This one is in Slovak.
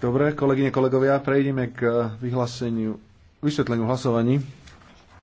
Dobre, kolegyne, kolegovia, prejdeme k vyhláseniu, vysvetleniu hlasovaní.